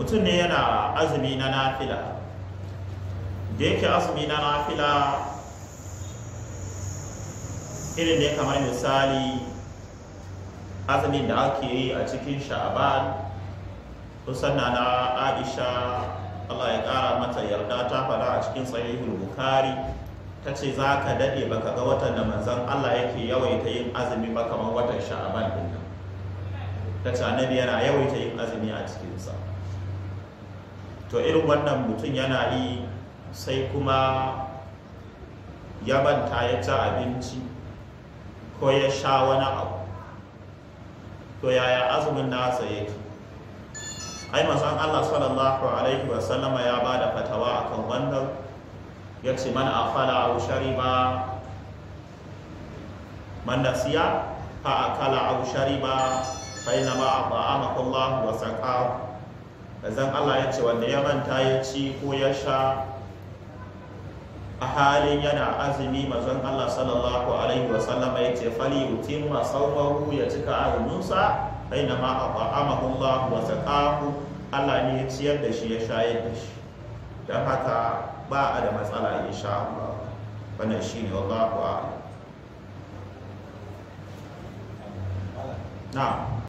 mutum ne yana azumi na nafila da yake azumi na nafila irin ne kamar misali azumin da ake yi a cikin sha'aban kusan na na aisha allah ya kara mata yarda ta fada a cikin sahihul bukari ta ce za ka daɗe baka ga watan da manzan allah yake yawaita yin azumi ba kamar watan sha'aban ɗin nan ta ce annabi yana yawaita yin azumi a cikinsa to irin wannan mutum yana yi sai kuma ya banta ya ci abinci ko ya sha wani abu to yaya azumin nasa yake ai masan Allah sallallahu alaihi wa sallama ya da fatawa akan wannan ya ce man afala aw shariba man nasiya fa akala ba shariba fa inna ma at'amakum Allah wa saqahu zan Allah ya ce wanda ya manta ya ci ko ya sha a halin yana azumi mazan Allah sallallahu alaihi wa sallam ya ce fali ma sawmahu ya cika azuminsa baina ma at'amahu Allah wa saqahu Allah ne ya ciyar da shi ya shayar da shi dan haka ba a da matsala insha Allah wannan shine wallahu a'lam na'am